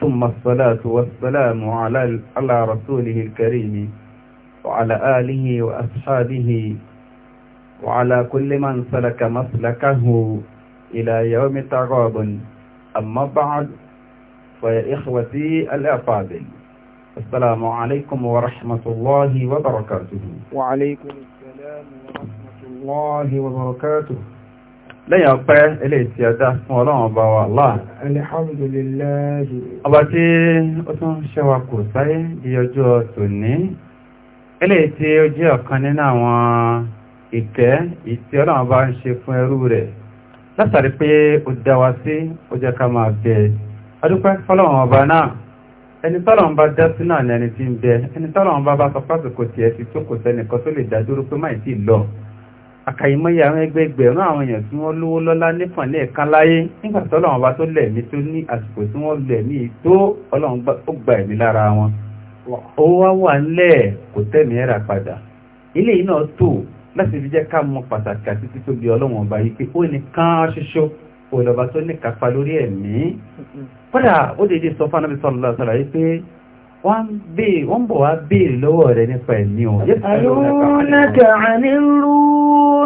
ثم الصلاة والسلام على على رسوله الكريم وعلى آله وأصحابه وعلى كل من سلك مسلكه إلى يوم تغاب أما بعد فيا إخوتي الأفاضل السلام عليكم ورحمة الله وبركاته وعليكم السلام ورحمة الله وبركاته lẹ́yìn ọpẹ́ ilé ìtì ọdá fún ọlọ́run ọba wa Allah. alhamdulillah. ọba tí ó tún ṣẹ́wà kò sáyé di ọjọ́ tòní ilé ìtì ó jẹ́ ọ̀kan nínú àwọn ìkẹ́ ìtì ọlọ́run ọba ń ṣe fún ẹrú rẹ̀ látàrí pé ó dá wa sí ó jẹ́ ká máa bẹ adúpẹ́ fọlọ́run ọba náà ẹni tọ́lọ́run bá dá sí náà ni ẹni tí ń bẹ ẹni tọ́lọ́run bá bá sọ pásìkò tiẹ̀ ti tó kò sẹ́nìkan tó lè dá dúró pé má ì àkàìmọ́yà àwọn ẹgbẹ́ ẹgbẹ̀rún àwọn èèyàn tí wọ́n lówó lọ́lá nífànlẹ̀ ẹ̀kan láyé nígbà tí ọlọ́run bá tó lẹ̀mí tó ní àsìkò tí wọ́n lẹ̀mí tó ọlọ́run ó gba ẹ̀mí lára wọn owó wá wà ńlẹ̀ kò tẹ̀mí ẹ̀rà padà ilé yìí náà tó láti fi jẹ́ ká mọ pàtàkì àti títóbi ọlọ́run ọba yìí pé ó ní kán ṣoṣo òlọ́ba tó ní kápá lórí ẹ̀mí kódà ó dédé wọ́n bọ̀ wá béèrè lọ́wọ́ rẹ̀ nípa ẹ̀mí o. àlùkò náà kà rú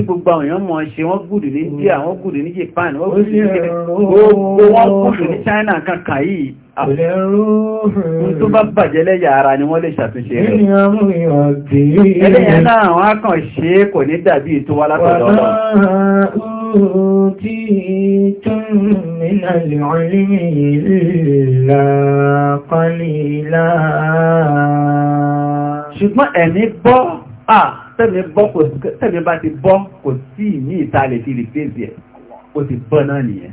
tí gbogbo àwọn èèyàn mọ̀ ṣe wọ́n gùdù ní mm. India wọ́n gùdù ní Japan wọ́n gùdù ní China kankan yìí àwọn ah. tó bá bàjẹ́ lẹ́yà ara ni wọ́n lè ṣàtúnṣe rẹ̀ ṣùgbọ́n ẹni bọ́ ah tẹ́mi bá ti bọ́ kò sí ní ìta lè fi rìpéèsì ẹ̀ ó ti bọ́ náà nìyẹn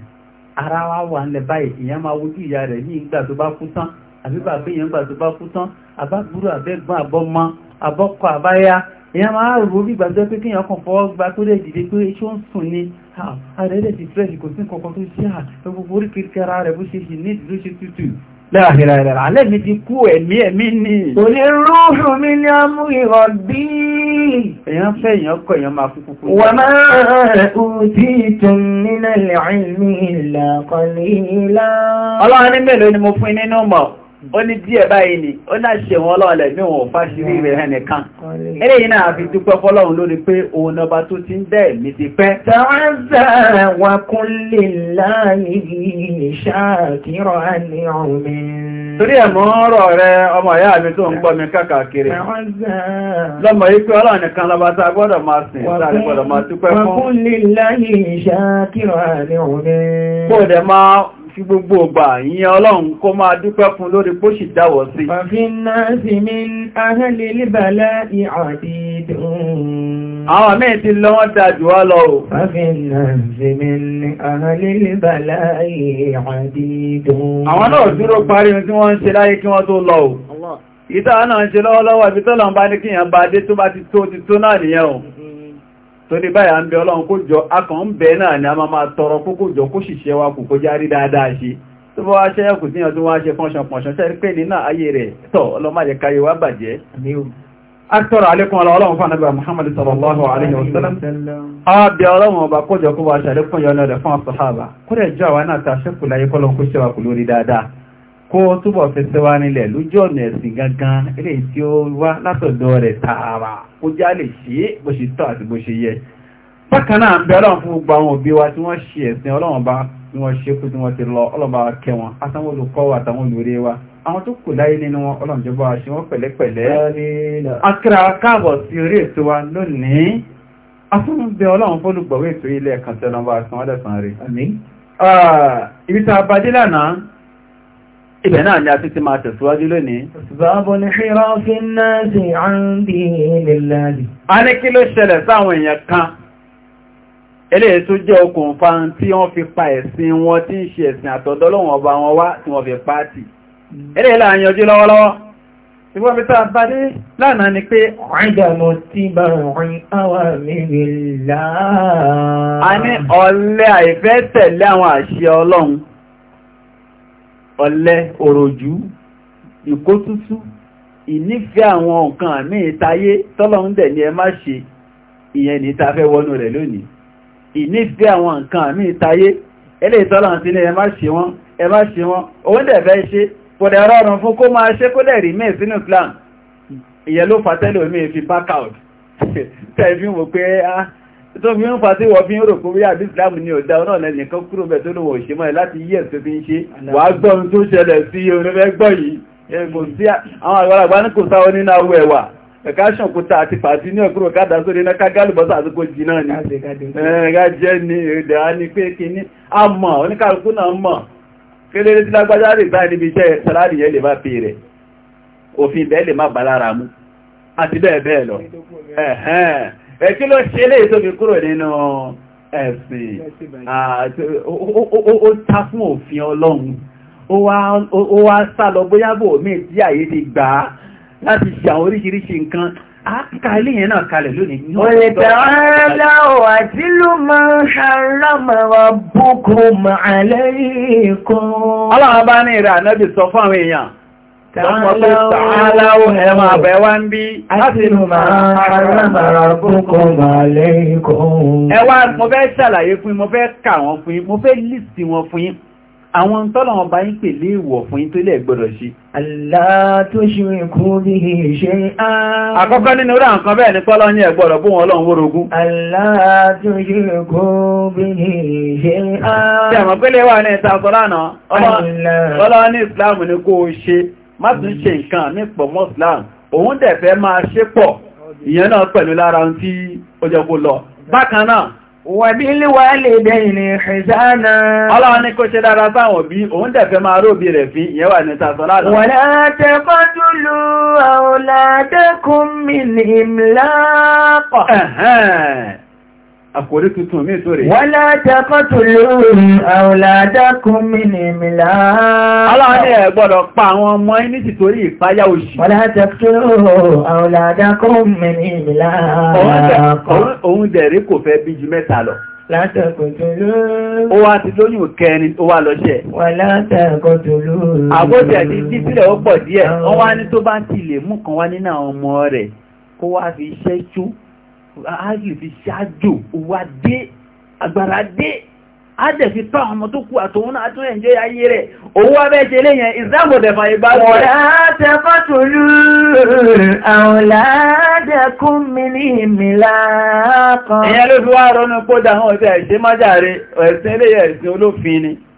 ara wa wà ń lẹ báyìí ìyẹn máa wojú ìyá rẹ̀ ní ìgbà tó bá kú tán àbí bàbá ìyẹn gbà tó bá kú tán àbábúrò àbẹ́gbọ́n àbọ́mọ àbọ́kọ àbáyá ìyẹn máa rò bí gbàgbé pé kíyàn kan fọwọ́ gba tó lè dìde pé ṣó ń sùn ni ààrẹ lè ti fẹ́ẹ̀ṣì kò sí nǹkan kan tó ṣe à gbogbo oríkèéríkèé ara rẹ̀ bó ṣe ṣì ní ìdílé ṣe tútù Láàrínláàrínláà, alẹ́mi ti kú ẹ̀mí ẹ̀mí ní. Òní mi ní àmú ìrọ̀ bí. Èyàn fẹ́ èyàn kọ èyàn máa fún kúkú. Wà máa òtí tún nínú ilẹ̀ ìlà kan ní ilá. Ọlọ́run ní mélòó ni mo fún nínú mọ̀. ó ní díẹ̀ báyìí ni ó ṣe wọn ọlọ́ọ̀lẹ̀ ní wọn fásírí rẹ̀ ẹnìkan eléyìí náà fi dúpẹ́ fọ́lọ́run lórí pé òun ọba tó ti ń dẹ̀ mi ti pẹ́ tàwọ́sàwà kúnlẹ̀ láàrin ìṣàkírọ̀ ní ọmọ torí ẹ̀mọ́ ọ̀rọ̀ rẹ ọmọ ìyá mi tó ń gbọ́ mi kákàkiri lọ́mọ yí pé ọlọ́run nìkan lọba gbọ́dọ̀ máa sìn láti gbọ́dọ̀ máa dúpẹ́ fún fi gbogbo ọgbà ìyẹn ọlọ́run kó máa dúpẹ́ fún lórí pó sì dáwọ̀ sí. Àwọn mẹ́ ti lọ wọ́n dájú wá lọ o. Àwọn náà dúró parí ohun tí wọ́n ń ṣe láyé kí wọ́n tó lọ o. Ìta náà ń ṣe lọ́wọ́lọ́wọ́ ibi bá ní kíyàn bá dé tó bá ti tó ti tó náà nìyẹn o torí báyà ń bẹ ọlọ́run kó jọ akàn ń bẹ náà ni a máa tọrọ kó jọ kó ṣìṣẹ́ wa kò kó járí dáadáa ṣe tó bá wá ṣẹ́yẹ̀kù tí yàn tó wá ṣe fọ́nṣan pọ̀nṣan ṣẹ́rí pé ní náà ayé rẹ̀ tọ́ ọlọ́máyẹ káyé wá bàjẹ́ sallallahu alayhi wa sallam àwọn bí ọlọ́run ọba kójọ kó wá ṣàlékún yọ náà rẹ̀ ta ṣẹ́kù láyé kọ́lọ́n kó ṣẹ́wà kù kó túbọ̀ fẹsẹ̀ wa nílẹ̀ lójú ọ̀nà ẹ̀sìn gangan ilé tí ó wá látọ̀dọ̀ rẹ̀ tààrà kó já lè ṣe é bó ṣe tọ́ àti bó ṣe yẹ bákan náà ń bẹ ọlọ́run fún gbogbo àwọn òbí wa tí wọ́n ṣe ẹ̀sìn ọlọ́run bá tí wọ́n ṣe kú tí wọ́n ti lọ ọlọ́run bá kẹ́ wọn àtàwọn olùkọ́ wa àtàwọn olùrè wa àwọn tó kù láyé nínú wọn ọlọ́run jọba ṣe wọ́n pẹ̀lẹ́pẹ̀lẹ́ akíra káàbọ̀ sí orí ètò wa lónìí afúnbẹ ọlọ́run fólùgbọ̀wé ètò ilẹ̀ kan tí ọlọ́run rẹ̀ ah, ibi tá a bá lánàá ibẹ̀ náà ni a ti ti máa tẹ̀síwájú lónìí. báàbù ní ṣíra fi náà sí àǹdí nílẹ̀lẹ̀. a ní kí ló ṣẹlẹ̀ sáwọn èèyàn kan eléyìí tó jẹ́ okùnfà tí wọ́n fi pa ẹ̀sìn wọn tí ń ṣe ẹ̀sìn àtọ̀dọ́lọ́wọ̀n ọba wọn wá tí wọ́n ọ̀lẹ òròjú ìkótútú ìnífẹ́ àwọn nǹkan àmì ìtayé tọ́lọ́hun dẹ̀ ní ẹ má ṣe ìyẹn ní ta fẹ́ wọnú rẹ̀ lónìí ìnífẹ́ àwọn nǹkan àmì ìtayé ẹlẹ́ tọ́lọ́hun sí ní ẹ má ṣe wọ́n ẹ má ṣe wọ́n òun dẹ̀ fẹ́ ṣe kọ̀dẹ̀ rọrùn fún kó máa ṣe kó dẹ̀ rí mẹ́ sínú plan ìyẹn ló fàtẹ́lò mi fi back out tẹ̀ fi wò pé ah tó fi ń fa tí wọ́n fi ń rò kó rí àbí ìsìlámù ní ọ̀dá náà lẹ́nì kan kúrò bẹ̀ tó lòwọ̀ òṣèmọ́ ẹ̀ láti yí ẹ̀sùn fi ń ṣe wà á gbọ́n tó ṣẹlẹ̀ sí onífẹ́ gbọ́ yìí kò sí àwọn àgbàlagbà ní kò sáwọn nínú awọ ẹ̀wà ni ẹ̀ẹ́gá jẹ́ ni èdè á ní pé kí ní a mọ̀ kéléré tí lágbájá lè bá níbi iṣẹ́ sàlárì yẹn lè má pè rẹ̀ òfin bẹ́ẹ̀ lè má bá lára mú àti bẹ́ẹ̀ bẹ́ẹ̀ lọ ẹ̀hẹ́n ẹ kí ló ṣe lè tó fi kúrò nínú ẹ̀sìn ó ta fún òfin ọlọ́run ó wá sálọ bóyá bò mí tí àyè ti gbà á láti ṣe àwọn oríṣiríṣi nǹkan àkàlẹ̀ yẹn náà kalẹ̀ lónìí. ní ìrà náà Tààláwò ẹ máa bẹ̀ wá ń bí. A Àwọn tọ́lọ̀ bá yín pè lé ìwọ̀ fún yín tó lẹ̀ gbọ́dọ̀ ṣe. Àlá ṣe kú bí i ṣe á. Àkọ́kọ́ nínú rà nǹkan bẹ́ẹ̀ ni pọ́lọ́ ní ẹ̀gbọ́dọ̀ bó wọn lọ́n wórogún. Àlá ṣe kú bí i ṣe á má tún ṣe nǹkan ní pọ̀ mọ́ Islam òun dẹ̀ fẹ́ máa ṣe pọ̀ ìyẹn náà pẹ̀lú lára ohun tí ó jẹ́ kó lọ bákan náà wà bí lè lè dẹ̀ ìní ọlọ́wọ́ ní kó ṣe dára sáwọn bí òun dẹ̀ fẹ́ máa róbi rẹ̀ fi ìyẹn wà ní sàtọ́lá àkòrí tuntun mí tó rẹ̀. Wọ́n látàkọ́tù lórí àwòlàdákùn mi ní ìmìlá. Aláwọ̀ ni ẹ gbọ́dọ̀ pa àwọn ọmọ ní títorí ìpáyà òṣì. Wọ́n látàkọ́tù àwòlàdákùn mi ní ìmìlá. Òun dẹ̀rí kò fẹ́ bí ju mẹ́ta lọ. Látàkọ́tù lórí. Ó wá ti lóyún kẹrin, ó wá lọ ṣẹ̀. Wọ́n látàkọ́tù lórí. Àbójẹ̀ ti dípìlẹ̀ ó pọ̀ díẹ̀, wọ́n wá ní tó bá ti áàlì fi ṣáájò wà dé agbára dé ádẹ̀ fi tán ọmọ tó kú àtòun náà tó ẹ̀njẹ́ ayé rẹ̀ owó abẹ́ ṣe léyàn ìzágbọ̀dẹ̀fà ìgbà ló fi wá rọ́nù kó dáhùn ọ̀sẹ̀ ẹ̀ṣẹ́ májàre ẹ̀sìn eléyẹ̀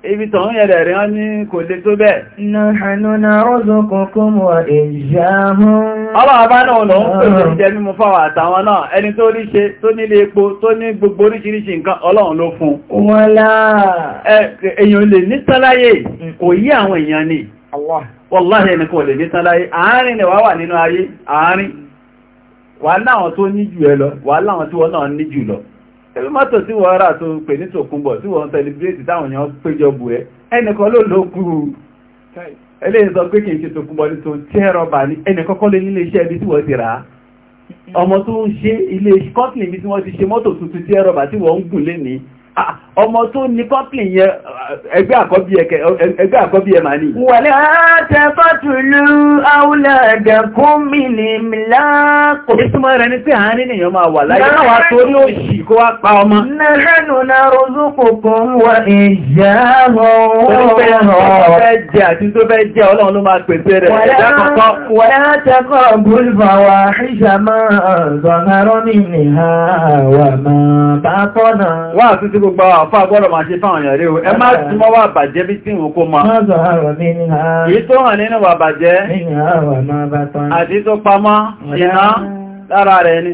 ibi tọ̀hún yẹ̀rẹ̀ rí wọ́n ní kò lè tó bẹ́ẹ̀. na rọ́zọ̀ kọkún jẹ àtàwọn náà ẹni tó epo tó ní gbogbo Ọlọ́run ló fún. kò lè ní àárín ni wà wà nínú ayé, àárín. Wà láwọn tó ní jù ẹ lọ, wà láwọn tí wọ́n náà ní ẹbí mọ́tò tí wọ́n rà tó pè ní tòkúnbọ̀ tí wọ́n sẹlẹ̀bírẹ́tì táwọn èèyàn péjọ bù ẹ́ ẹnìkan ló ló kú eléyìí sọ pé kì í ṣe tòkúnbọ̀ ní tó tí ẹ̀rọ bà ní ẹnìkan kọ́ lé nílé iṣẹ́ ibi tí wọ́n ti rà á ọmọ tó ń ṣe ilé kọ́tìlì ibi tí wọ́n ti ṣe mọ́tò tuntun tí ẹ̀rọ bà tí wọ́n ń gùn lé ní Ah, ọmọ tó ní kọ́pì yẹn ẹgbẹ́ àkọ́bí ẹ máa ní. wà látẹ́ fàtúlú àwùlẹ̀dẹ̀kún mi ní míláàkù. ìtumọ̀ rẹ̀ ní tí a ní nìyàn máa wà láyé náà wà torí òṣì kó wá pa ọmọ. nahanu narzuqukum wa iyyahum. wà látẹ́ kọ́ bùlbà wà ṣíṣàmọ́ gbogbo àfá agbọ́rọ̀ máa ṣe fáwọn èèyàn rí o ẹ máa tí wà bàjẹ́ bí tí ìwòkó ma èyí tó hàn nínú wà bàjẹ́ àti tó pamọ́ ìná lára rẹ̀ ni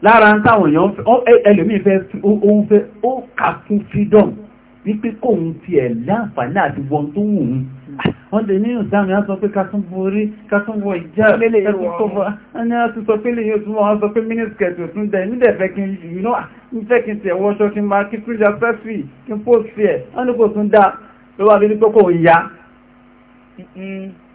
lára ń táwọn èèyàn ẹlòmíì fẹ́ ohun fẹ́ ó kàkún freedom wípé kóhun ti ẹ̀ láǹfààní àti wọn tó wù ú wọ́n lè nínú ìsáàmì á sọ pé kásún borí kásún wọ ìjà ẹkùn tó bá sọ pé lè yóò túnmọ̀ wọ́n sọ pé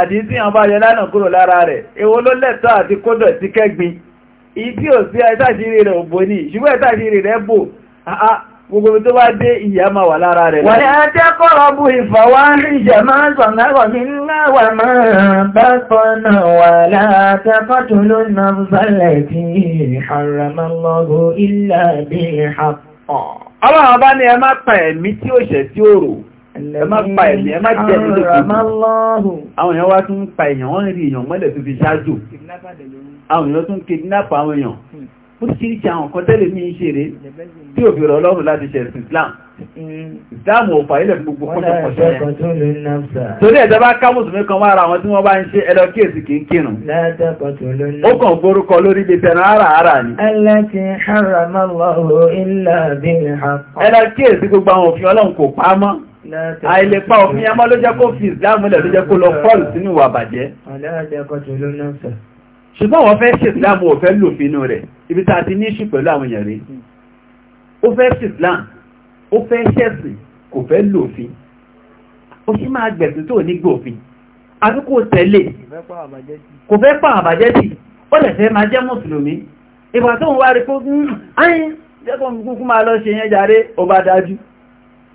àdìsí àbá yọ lánà kúrò lára rẹ̀ èwo ló lẹ́tọ́ àti kódọ̀ sí kẹ́gbin ìdí ò sí ẹ̀tàṣírí rẹ̀ òbò ní ṣùgbọ́n ẹ̀tàṣírí rẹ̀ bò gbogbo tó bá dé ìyà máa wà lára rẹ̀. wọ́n ni a tẹ́ kọ́rọ̀ bú ìfọwọ́ ìjẹ̀ máa sọ̀nàrọ̀ mi láwà tí ìhàràmọ́lọ́gọ́ ilẹ̀ ẹ má pa ẹ̀mí ẹ má jẹ́ ẹ̀mí lókòókò àwọn èèyàn wá tún pa èèyàn wọ́n rí èèyàn mọ́lẹ̀ tó fi ṣáájú àwọn èèyàn tún kidnap àwọn èèyàn ó hmm. sì ṣe àwọn kan tẹ́lẹ̀ mí ṣeré tí ò fi rọ ọlọ́run láti ṣe ẹ̀sìn Islam hmm. Islam ò fà ilẹ̀ gbogbo kọ́ṣọ̀kọ́ṣọ̀ yẹn torí ẹ̀jẹ̀ bá ká mùsùlùmí kan illa bil haqq. ẹlọ kíyèsí àìlèpa òfin yamọ́ ló jẹ́ kó fi ìsìlámùlẹ̀ ló jẹ́ kó lọ fọ́ọ̀lù sínú ìwà bàjẹ́ ṣùgbọ́n wọ́n fẹ́ ṣe ìsìlámù ò fẹ́ lòfin inú rẹ̀ ibi tá a ti ní ṣù pẹ̀lú àwọn èèyàn rí ó fẹ́ ṣe ìsìlámù ó fẹ́ ṣẹ̀sìn kò fẹ́ lòfin ó sì máa gbẹ̀sùn tó ní gbòfin àti kò tẹ̀lé kò fẹ́ pa àbàjẹ́ sí ó lè fẹ́ máa jẹ́ mùsùlùmí ìgbà tó ń wá rí hmm, kó ń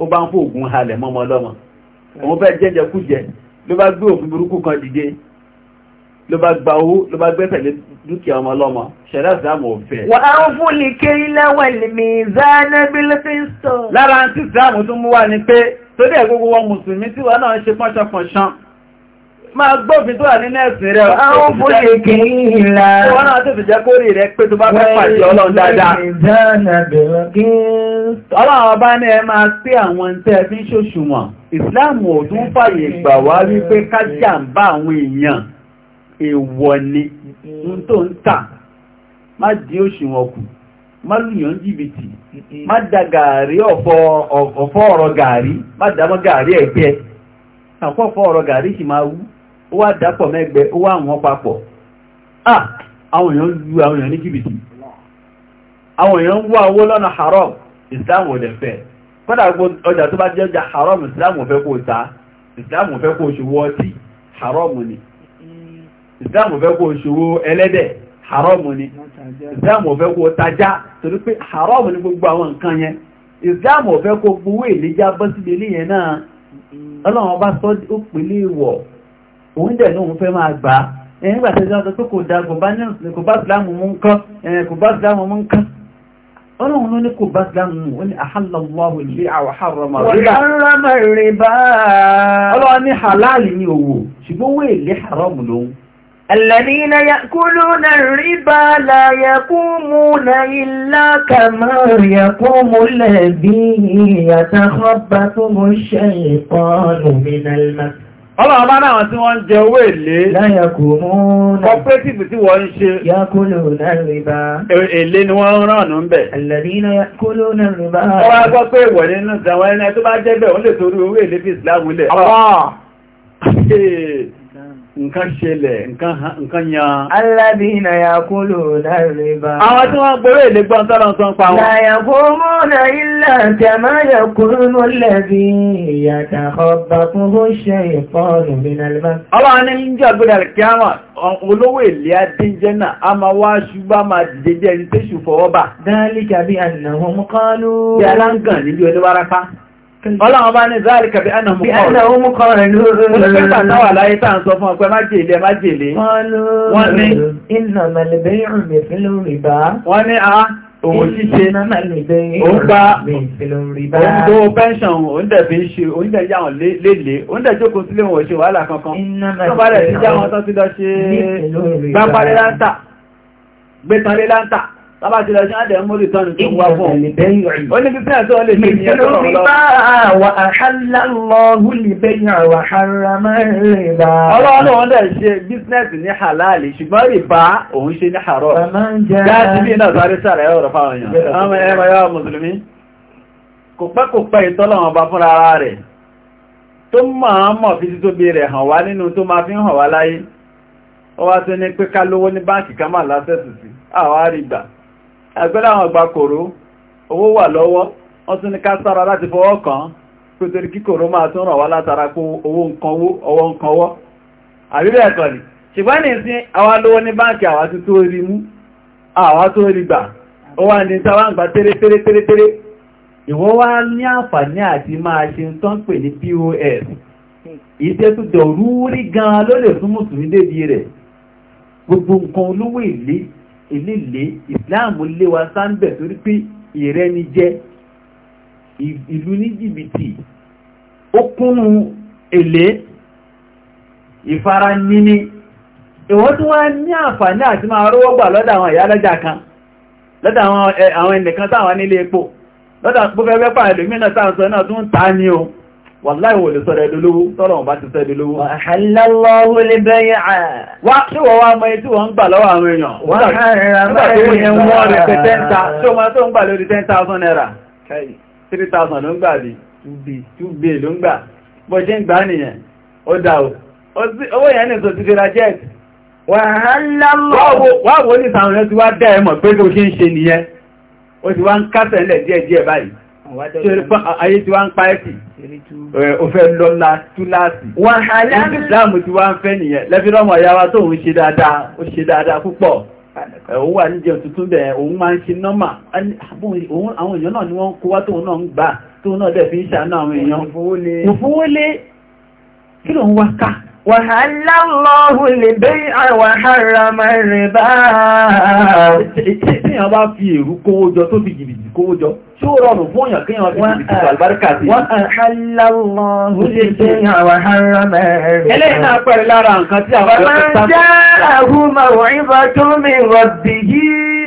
ó bá ń fò ògùn halẹ̀ mọ́mọ́ lọ́mọ òun fẹ́ jẹ́jẹ kújẹ ló bá gbé òfin burúkú kan dìde ló bá gba owó ló bá gbẹ́sẹ̀lé dúkìá ọmọ lọ́mọ ṣẹ̀dá ìsìlámù ọ̀fẹ́. wà ń fún lè ké lẹ́wọ̀ ìlèmí ìzánẹ́bílẹ́fíńsọ̀. lára ti ìsìlámù tún mú wá ni pé torí ẹ̀ gbogbo wọn mùsùlùmí tí wọn náà ń ṣe pọ́nṣọ́pọ̀ṣán máa gbófin tó wà ní nẹ́ẹ̀sì rẹ̀ àwọn fúnṣe kì í là wọ́n náà tó fi jẹ́ kórì rẹ̀ pé tó bá fẹ́ pàṣẹ ọlọ́run dáadáa ọlọ́run ọba ní ẹ máa àwọn tẹ́ fi ń wọn ìsìláàmù ò tún fàyè gbà wá wípé kájà ń bá àwọn èèyàn èèwọ̀ ni ń tó ń tà má di òṣùwọ̀n kù má lùyàn jìbìtì má da gàárì ọ̀fọ́ ọ̀rọ̀ gàárì má ó wá dápọ̀ mẹ́gbẹ́ wá àwọn papọ̀ ah àwọn èèyàn lu àwọn èèyàn ní jìbìtì àwọn èèyàn ń wá owó lọ́nà haram islam ò dẹ̀ fẹ́ kọ́dà ọjà tó bá jẹ́ ọjà haram islam ò fẹ́ ta islam ò fẹ́ kó ṣòwò ọtí haram ni islam ò fẹ́ kó ṣòwò ẹlẹ́dẹ̀ haram ni islam ò fẹ́ kó tajá torí pé haram ni gbogbo àwọn nǹkan yẹn islam ò fẹ́ kó gbowó ìlẹ́jà bọ́sílẹ̀ ilé yẹn náà ọlọ́run ọba sọ́ ó pèlè ìwọ̀ òun dẹ̀ lóun fẹ́ máa gbà á nígbà tó dáa tó kò da kò bá sílámù mú nǹkan kò bá sílámù mú nǹkan ọlọ́run ló ní kò bá sílámù mú ó ní àhàlọ́wọ́ ilé àwọ̀hárọmọ rírà ọlọ́run ní halali ní owó ṣùgbọ́n owó èlé haramu lòun الذين يأكلون الربا لا يقومون إلا كما يقوم الذي يتخبطه الشيطان من المسجد Ọlọ́run bá náà tí wọ́n ń jẹ owó èlé. Láyàkù múnà. Cooperative tí wọ́n ń ṣe. Yàkúlò náà rìbá. Èlé ni wọ́n ránù ń bẹ̀. Àlàdínà yàkúlò náà rìbá. bá nǹkan ṣẹlẹ̀ nǹkan yan. Aládìínà ya kú lò láìrí bá. Àwọn tí wọ́n gbọ́rọ̀ èdè gbọ́n tọ́lọ ń sọ́n pa wọn. Láyà kó mọ́nà ilẹ̀ àti àmáyà kúrú mọ́lẹ̀bí ìyàtà ọba fún ó ṣe ìfọ́ọ̀rùn bí nálẹ́bá. Ọlọ́run ń jẹ́ àgbẹ̀dà kí á wà olówó èlé adéjẹ́ náà a máa wá ṣùgbá máa dìde jẹ́ ẹni tẹ́ṣù fọwọ́ bà. Dáálí Ọlọ́run bá ní záàrí kàbí ẹnà mú kọrọ̀. Ẹnà mú kọrọ̀ ní orílẹ̀-èdè. Mo ní pẹ́ta náà láyé tàà ń sọ fún ọpẹ́ májèlé májèlé. Wọ́n ní iná mẹ́lẹ̀bẹ̀ ìrùn mi a òun ṣíṣe òun gba òun tó pẹ́ṣọ̀n òun dẹ̀ fi ń ṣe òun dẹ̀ yáwọn lélẹ̀ òun dẹ̀ jókòó sílé wọn ṣe wàhálà kankan. Tó bá rẹ̀ sí jáwọn tó ti lọ ṣe gbápálé láńtà, gbétanlé láńtà. Tábájúlẹ̀ ṣe àdẹ̀ mú rìtọ́nù tó wá fún òní bẹ́yìn rí. Ó ní bí fẹ́ tó lè ṣe ìyẹn tó rọ̀ lọ́wọ́. Wà àhálàlọ́hù lè bẹ́yìn àwà haramá rìbá. Ọlọ́run wọ́n dẹ̀ ṣe bísínẹ̀sì ní halal ṣùgbọ́n rẹ̀. Tó máa mọ̀ fi títóbi rẹ̀ hàn wá nínú tó máa fi ń hàn wá láyé. Ó tó ní pé ká lówó ní báǹkì ká máa lásẹ̀sì sí. Àwọn àrígbà ẹgbẹ́lẹ̀ àwọn ọgbà kòrò owó wà lọ́wọ́ wọ́n tún ní ká sára láti fọwọ́ kàn kó torí kí kòrò máa tún ràn wá látara kó owó nkanwọ́ àríbẹ̀ ẹ̀kọ́ ni ṣùgbọ́n ní sí àwa lówó ní báǹkì àwa tó tó rí mú àwa tó rí gbà ó wà ní sáwá ń gbà pos iṣẹ́ tó dọ̀rú rí gan-an ló lè fún mùsùlùmí gbogbo nǹkan olówó ìlé ìlílé ìsìláàmù léwa sáńbẹ̀ torí pé ìrẹ́ni jẹ́ ìlú ní jìbìtì ó kúnnú èlé ìfaranini ìwọ́n tí wọ́n ní àǹfààní àti máa rówó gbà lọ́dọ̀ àwọn ìyá lọ́jà kan lọ́dọ̀ eh, àwọn ẹnìkan táwọn nílé epo lọ́dọ̀ pọ́fẹ́fẹ́ pàdé mìíràn sọ náà tún ń ta ní ohun wàláì wò lè sọ́rọ̀ ẹ̀dọ́lówó tọ́rọ̀ wọn bá ti sọ́ ẹ̀dọ́lówó. Àhàlálọ́wó lè bẹ́yẹ̀ à. Wá tí wọ́n wá mọ etí wọ́n ń gbà lọ́wọ́ àwọn èèyàn. Wọ́n rà máa ń wọ́n rẹ̀ pẹ̀ 10,000. Tí ó máa tó ń gbà lórí 10,000 naira. 3,000 ló ń gbà bí. 2B ló ń gbà. Bọ́ jẹ́ ń gbà nìyẹn ṣerúpá ayé tí wá ń pa ẹ́sì òfẹ́ lọ́la túláàsì ìsìláàmù tí wá ń fẹ́ nìyẹn lẹ́fírọ́mọ̀ yáwá tó ń ṣe dáadáa ó ṣe dáadáa púpọ̀ òun wà níjẹ òtútù bẹ̀ òun máa ń ṣe nọ́mà àwọn èèyàn náà ni wọ́n kó wá tóun náà ń gbà tóun náà dẹ̀ fi ń ṣàánú àwọn èèyàn òfowólé kí lòun wá ká وحل الله البيع وحرم الربا Ìyàn bá fi èrú kówó jọ tó fi jìbìtì kówó jọ, tí ó rọrùn fún èèyàn kí èèyàn fi jìbìtì tó àlùbáríkà sí. Wọ́n àhálà wọn ó lè ṣe àwọn ará mẹ́rin. Ẹlẹ́yìn náà pẹ̀lú lára nǹkan tí àwọn ọ̀pọ̀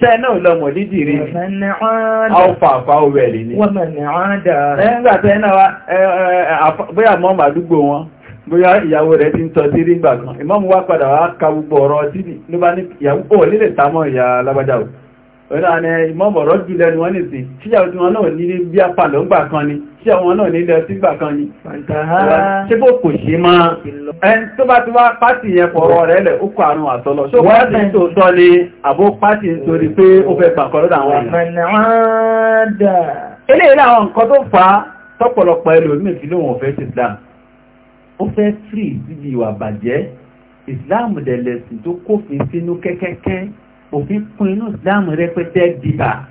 ṣẹ́nà ìlọ́mọ̀ dídì rí àwọ̀fàfà òwẹ̀ rí ní bóyá mọ́mà àdúgbò wọn bóyá ìyàwó rẹ̀ ti ń tọ́ sí rí gbàgbọ́n ìmọ́mù wá padà wá ka gbogbo ọ̀rọ̀ títì ló bá ní ìyàwó ọ̀nà àni ìmọ́bọ̀rọ̀ jù lẹ́nu wọn nìsìn síyàwó tí wọn náà ní ní bí apá ń gbà kan ni síyàwó wọn náà ní ilẹ̀ sí gbà kan ni ṣe bó kò ṣe máa ẹn tó bá ti wá pátì yẹn pọ̀rọ̀ rẹ̀ lẹ̀ ó kọ àrùn àtọ́lọ ṣó pátì tó tọ́ ni àbó pátì nítorí pé ó fẹ́ gbà kọ́ lọ́dọ̀ àwọn èèyàn eléyìí làwọn nǹkan tó free síbi ìwà bàjẹ́ Islam dẹ̀ lẹ̀sìn tó kófin sínú kẹ́kẹ́kẹ́ òfin kún inú ìsìláàmù rẹpẹtẹ dìbà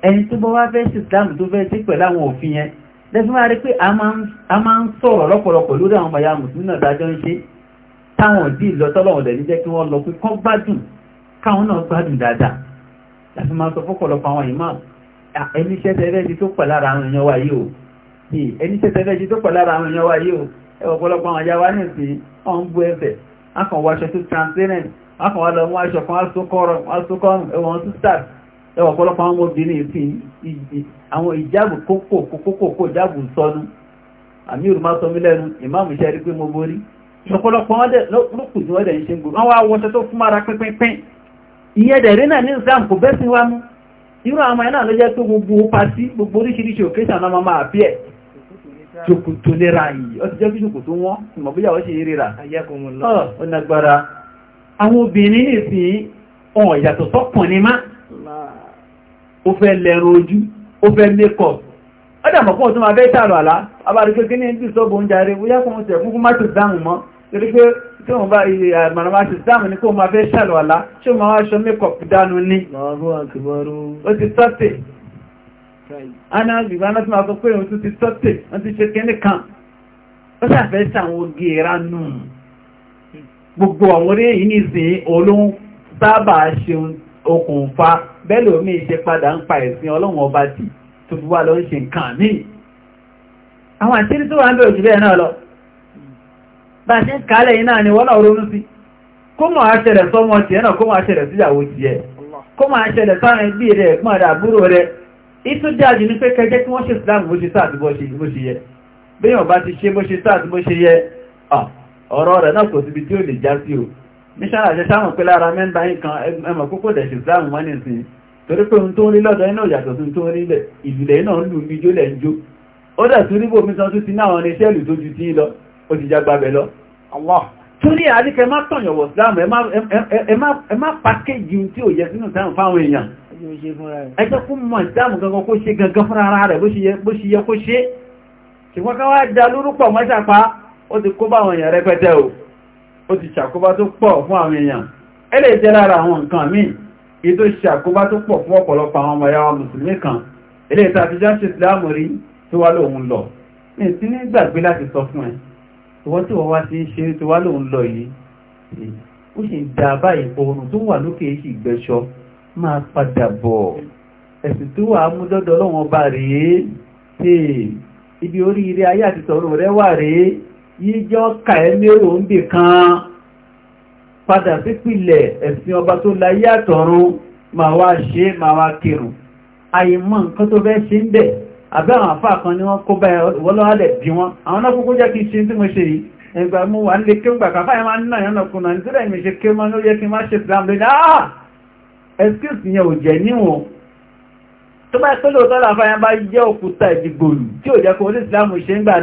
ẹni tó bọ́ wá fẹ́ sí ìsìláàmù tó fẹ́ sí pẹ̀lú àwọn òfin yẹn lẹ́sìn rí pé a máa ń sọ̀rọ̀ lọ́pọ̀lọpọ̀ lórí àwọn ọmọ ya mùsùlùmí náà dájọ́ ń ṣe táwọn ìdí ìlọtọ́lọ́wọ̀n lẹ́ni jẹ́ kí wọ́n lọ pé kọ́ gbádùn káwọn náà gbádùn dáadáa láti máa sọ fọ́pọ̀lọpọ̀ àwọn ìmọ̀ ẹni iṣẹ́ tẹ́lẹ̀ ti tó pọ̀ lára àwọn èèyàn wa yìí o ẹni iṣẹ́ tẹ́lẹ̀ ti tó pọ̀ lára àwọn èèyàn wa yìí o ẹ̀wọ̀pọ̀lọpọ̀ àwọn ayáwá nìsín ọ̀ ń bú ẹ̀fẹ̀ akọ̀wọ́ṣọ tó akọ̀wàlọ̀ wọn aṣọ kan asókọ́rùn ẹwọ̀n sisters ẹwọ̀ ọ̀pọ̀lọpọ̀ àwọn obìnrin ìfin àwọn ìjábù kókòkókò jábù sọnù àmì òrùmá sọmí lẹ́nu ìmáàmù iṣẹ́ rí pé mo borí ọ̀pọ̀lọpọ̀ wọn dẹ̀ lókùn tí wọ́n dẹ̀ ń ṣe gbogbo wọn wá wọṣọ tó fún ara pínpín ìyẹn dẹ̀ rí náà ní Islam kò bẹ́ sí wa mú irú àwọn ẹ̀ náà ló jẹ́ tó gbogbo pàtí gbogbo oríṣiríṣi òkèṣàn náà máa bí ẹ̀ jòkòtò lera ó ti àwọn obìnrin lè sí ọ̀n ìyàtọ̀ sọ́kùnrin má ó fẹ́ lẹ́rọ ojú ó fẹ́ mẹ́kọ̀ ọ́dàmọ̀kọ́ tó máa bẹ́ tààrọ àlá abárígbé kí ní ń tí sọ́bù ń jàre wúyá kún tẹ̀ fún má ti dáhùn mọ́ torí pé tí wọ́n bá ilẹ̀ àmàràmà eh, ti dáhùn ní kó máa fẹ́ ṣàlọ̀ àlá ṣó máa wá ṣọ mẹ́kọ̀ dánú ní ó ti sọ́tẹ̀ aná ìgbàná tí máa sọ pé òun tún ti sọ́tẹ̀ wọ́n ti ṣe kíní kan ó ṣàfẹ́ ṣàwọn oge ìranù gbogbo àwọn orí èyí nìsìn olóhun sábà ṣe okùnfà bẹ́lò mi ṣe padà ń pa ẹ̀sìn ọlọ́run ọba tì tó fi wá lọ ń ṣe nǹkan ní àwọn àṣírí tó wà ń bẹ̀rẹ̀ jù bẹ́ẹ̀ náà lọ bá ṣe ń kálẹ̀ yìí náà ni wọ́n náà ronú sí kó mọ̀ àṣẹlẹ̀ sọ́mọ tiẹ̀ náà kó mọ̀ àṣẹlẹ̀ síyàwó tiẹ̀ kó mọ̀ àṣẹlẹ̀ sáwọn ẹbí rẹ̀ ẹ̀gbọ́n rẹ̀ àbúrò rẹ̀ ìtú dájú ní pé kẹjẹ́ kí wọ́n ṣe Islam bó ṣe sáà àti bó ṣe yẹ bí wọ́n bá ti ṣe bó ṣe sáà bó ṣe yẹ ọ̀rọ̀ rẹ̀ náà kò síbi tí ó lè já sí o níṣàlá jẹ́ sáwọn pé lára mẹ́ta nǹkan ẹmọ̀ púpọ̀ dẹ̀ ṣìsáàmù wọ́n nìsín torí pé ohun tó ń rí lọ́dọ̀ iná ìyàtọ̀ tó ń tó ń rí ìlúlẹ̀ iná ń lù mí jólẹ̀ ń jó ó dẹ̀ tún ríbò mi san tún ti náà ní iṣẹ́ ìlú tó ju tí lọ ó ti já gbabẹ̀ lọ torí àríkẹ má tọ̀yọ̀wọ̀ síláàmù ẹ má pàkéjì tí ò yẹ sínú sáàmù fáwọn èèyàn ẹ jẹ́ kó mọ̀ síláàmù gangan kó ṣe gangan fúnra rẹ̀ bó ṣe yẹ kó ṣe ṣùgbọ́n ká wá da lórúkọ̀ mọ́ṣàpá ó ti kó bá àwọn èèyàn rẹpẹtẹ o ó ti ṣàkóbá tó pọ̀ fún àwọn èèyàn ẹlẹ́ jẹ́ lára àwọn nǹkan míì èyí tó ṣàkóbá tó pọ̀ fún ọ̀pọ̀lọpọ̀ àwọn ọmọ ya wa mùsùlùmí kan ilé ìta àtijọ́ ṣe ìsìláàmù rí tí wá lóun lọ ní ti ní gbàgbé láti sọ fún ẹ ìwọ́n tí wọ́n wá ti ń ṣe tí wá lóun lọ yìí ó sì ń da báyìí oòrùn tó wà lókè sì gbẹ̀ṣọ́ máa padà bọ̀ ẹ̀sìn tó wà mú lọ́wọ́n bá rèé ibi oríire ayé àti rẹ wà rèé yíjọ́ kà ẹ́ lérò ń bì kan padà sípìlẹ̀ ẹ̀sìn ọba tó láyé àtọ̀run ma wá ṣe ma wá kírun àyìmọ̀ nǹkan tó fẹ́ ṣe ń bẹ̀ àbẹ́ àwọn àfáà kan ni wọ́n kó bá ìwọ́lọ́wọ́lẹ̀ bí wọ́n àwọn náà kúkú jẹ́ kí ṣe tí mo ṣe yìí ẹgbà mú wà nílé kí ah! ń gbà kí ń gbà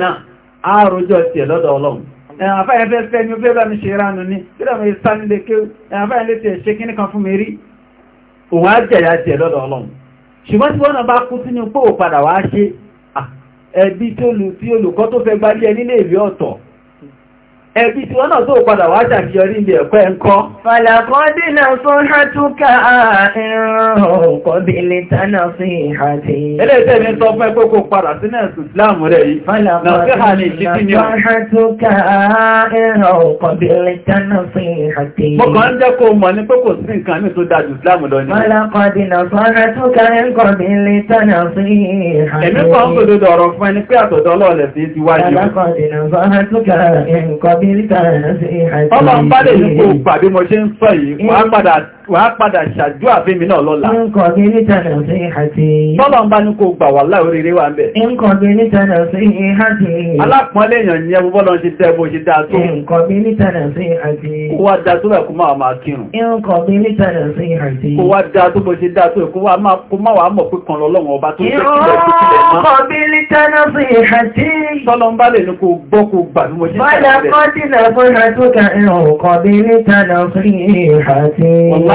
àròjọ́ ti ẹ̀ lọ́dọ̀ ọlọ́run àfáyẹ̀fẹ́ fẹ́ ní ọgbẹ́ bá mi ṣe ránú ní sílẹ̀mọ̀ ìsánilé kí àfáyẹ̀lé ti ẹ̀ṣẹ́ kíní kan fún mi rí òun àjẹ̀yà ti ẹ̀ lọ́dọ̀ ọlọ́run ṣùgbọ́n tí wọ́n bá kú sínú ṣe ẹbí tí olùkọ́ ẹbí tí wọ́n náà tó padà wá ṣàkíyọrí ilé ẹ̀kọ́ ẹ̀kọ́. Fàlàkọ́dínà sọ́hátúkà ààrùn kọ́bílẹ̀ tánà sí ìhàtí. Ẹlẹ́ẹ̀tẹ́ mi sọ fẹ́ kókó padà sínú ẹ̀sùn ìsìláàmù rẹ̀ yìí. Fàlàkọ́dínà sọ́hátúkà ààrùn kọ́bílẹ̀ tánà sí ìhàtí. Mọ́kàn ń jẹ́ kó mọ̀ ní pé kò sí nǹkan mi tó dájú ìsìláàmù lọ ní. Fàlàkọ́dínà sọ́hátúkà ààrùn kọ́bílẹ̀ tánà sí ìhàtí. Èmi kan kò dodo ọ̀rọ̀ Ọlọ́run bá lè ní kò gbà bí mo ṣe ń sọ yìí, wọ́n wàá padà ṣàjú àfẹ́mi náà lọ́la. Nǹkan bí níta náà sí ìhàtí. Bọ́lá ń bá ní kó gbà wà láorí rí wa ń bẹ̀. Nǹkan bí níta náà sí ìhàtí. Alápọ̀nlé èèyàn ni ẹbú bọ́lá ń ṣe tẹ́ bó ṣe dáa tó. Nǹkan bí níta náà sí ìhàtí. Kó wá dáa tó lẹ́kùn máa máa kírun. Nǹkan bí níta náà sí ìhàtí. Kó wá dáa tó bó ṣe dáa tó kó má wàá mọ̀ pé kan lọ́lọ́run ọba tó ṣe kílẹ̀ tó kílẹ̀ mọ́. Nǹkan bí níta náà sí ìhàtí. Bọ́lá ń bá lè ní kó gbọ́ kó gbà bí mo ṣe tẹ̀lé. Bọ́lá kọ́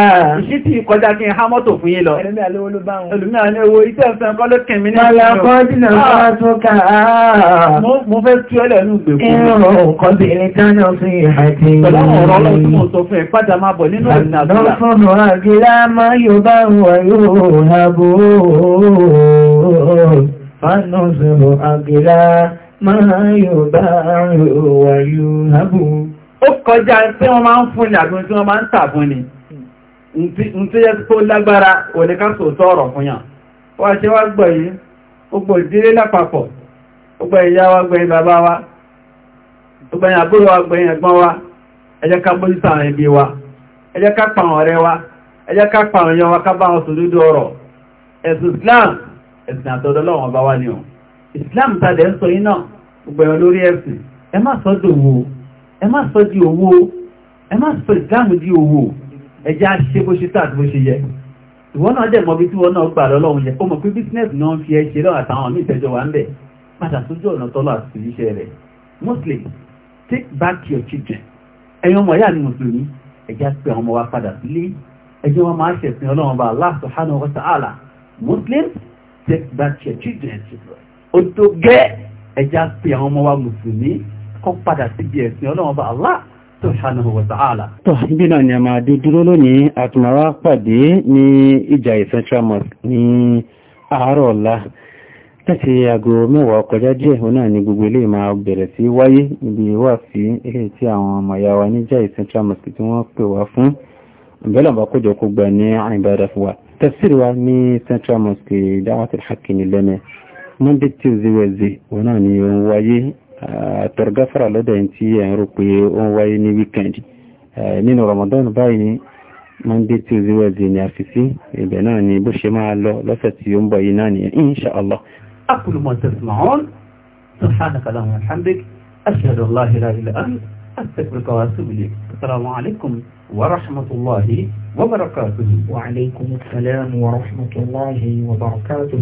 Ah. Ìṣí tí kọjá kí n há mọ́tò fún yín lọ. Ẹlùmí àlówó ló bá wọn. Ẹlùmí àlówó owó iṣẹ́ ẹ̀fẹ́ ọkọ́ ló kẹ̀ mí ní ìlú. Mọ́lọ́kọ́ dínà bá tún ká. Mo fẹ́ tú ẹlẹ̀ ní ìgbèkú. Ìrọ̀ nǹkan bí ní Tánà fún ìhàtí. Pẹ̀lú àwọn ọ̀rọ̀ ọlọ́run tí mo sọ fún tí yẹ́ tó lágbára oníkánsò sọ́rọ̀ fún yàn wá ṣe wá gbọ́ yìí gbogbo ìdílé lápapọ̀ gbogbo ìyá wa gbẹ̀yìn bàbá wa gbẹ̀yìn àbúrò wa gbẹ̀yìn ẹ̀gbọ́n wa ẹ jẹ́ ká bójú sáwọn ẹbí wa ẹ jẹ́ ká pa àwọn ọ̀rẹ́ wa ẹ Islam ẹ̀sìn àtọ́dọ́ lọ́wọ́n bá Islam tàdé ń sọ yín náà gbogbo ẹ̀yàn lórí ẹ̀sìn ẹ ẹjẹ́ á ṣe bó ṣe tó àti bó ṣe yẹ ìwọ́n náà dẹ̀mọ́ bí tí wọ́n náà gbà lọ́lọ́run yẹ ó mọ̀ pé bísínẹ́sì náà ń fi ẹ ṣe lọ́wọ́ àtàwọn míì tẹ́jọ́ wà ń bẹ̀ padà sójú ọ̀nà tọ́lọ́ àti iṣẹ́ rẹ̀ mostly take back your children ẹ̀yin ọmọ ìyá ni mùsùlùmí ẹjẹ́ á pé àwọn ọmọ wa padà sílé ẹjẹ́ wọn máa ṣẹ̀sìn ọlọ́run bá Allah subhanahu wa ta'ala muslims take back your children ó tó gẹ́ ẹjẹ́ á pé àwọn ọmọ wa mùsùlùmí kọ́ padà síbi ẹ̀sìn ọlọ́run bá Allah subhanahu wa ta'ala. Tọ́ ibi náà ni a máa dé dúró lónìí àtùmọ̀wá pàdé ní ìjà Central Mosque ní àárọ̀ ọ̀la. Láti aago mẹ́wàá kọjá díẹ̀ òun náà ni gbogbo ilé máa bẹ̀rẹ̀ sí wáyé ibi wà sí ilé tí àwọn ọmọ ìyá wa níjà Central Mosque tí wọ́n pè wá fún. Ìbẹ́lẹ̀ tọ̀rọ̀gáfàrà lọ́dọ̀ yìí tí ẹ̀ ń rò pé ó ń wáyé ní weekend nínú Ramadan báyìí ni Monday Tuesday Wednesday ni a fi sí ibẹ̀ náà ni bó ṣe máa lọ lọ́sẹ̀ tí ó ń bọ̀ yìí náà nìyẹn insha Allah. أقول ما تسمعون سبحانك اللهم وبحمدك أشهد أن لا إله إلا أنت أستغفرك وأتوب إليك السلام عليكم ورحمة الله وبركاته وعليكم السلام ورحمة الله وبركاته